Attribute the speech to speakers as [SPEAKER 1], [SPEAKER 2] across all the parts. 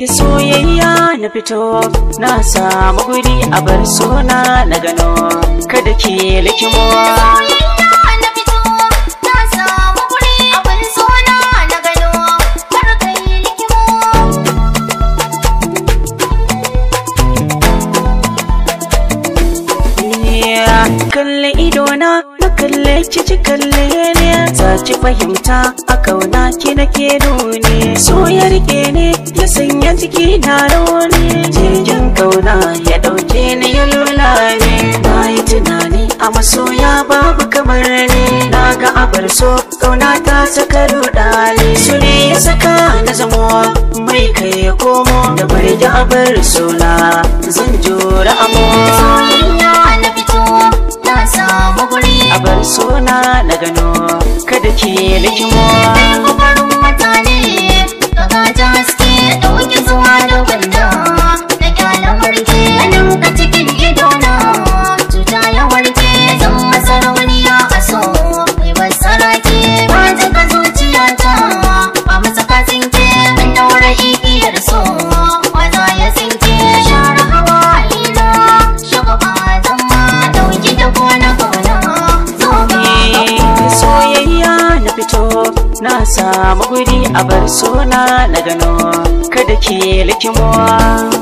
[SPEAKER 1] da soyayya na fito na samu guri a bar suna na gano kada ke likimo. kalle idona na kalle cici kalle ne za ci fahimta a kauna ki nake nuni so rike ne ciki na rauni jirgin kauna ya dauke ni ya lula ne na yi tunani a masoya babu kamar ni na ga abar so kauna ta saka rudani su ne ya saka na zamo mai kai ya komo da bari da abar sona zan jura amo a bar suna na gano kada ke likimo na samu guri a bar suna na gano kada ke likimowa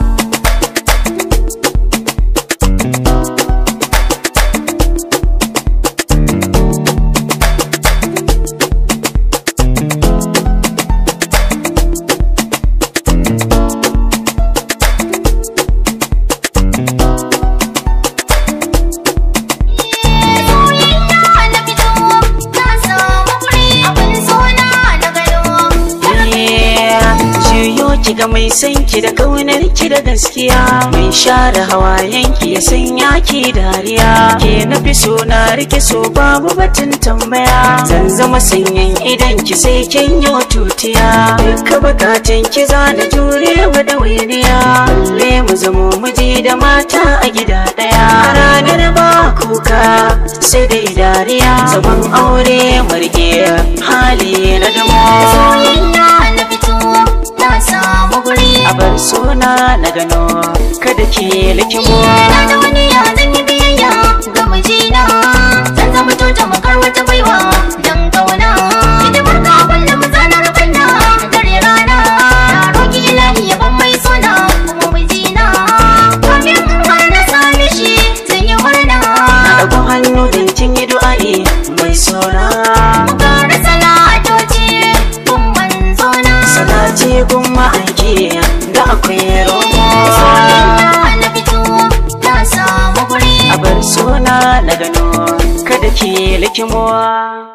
[SPEAKER 1] ki ga mai san ki da kaunar ki da gaskiya mai share hawayen ki ya sanya ki dariya ke na fi so na rike so babu batun tambaya zan zama sanyin idan ki sai kin yi tutiya duka bukatun ki za na jure wa da wuriya balle mu zamo miji da mata a gida daya ranar ba kuka sai dai dariya zaman aure marge hali na damo bar suna na gano kada ke likimo na da wani ya zan yi biyayya ga mijina zan zama
[SPEAKER 2] tota makar wata baiwa dan kauna ka barka mu mazana rabanda
[SPEAKER 1] dare rana roki ilahi ya ban mai suna kuma mijina kafin har na sami shi zan yi murna ga hannu din cin yi du'a'i mai suna mu salatoci kun salati akwai ruwa. Abar suna na gano kada ke likimowa.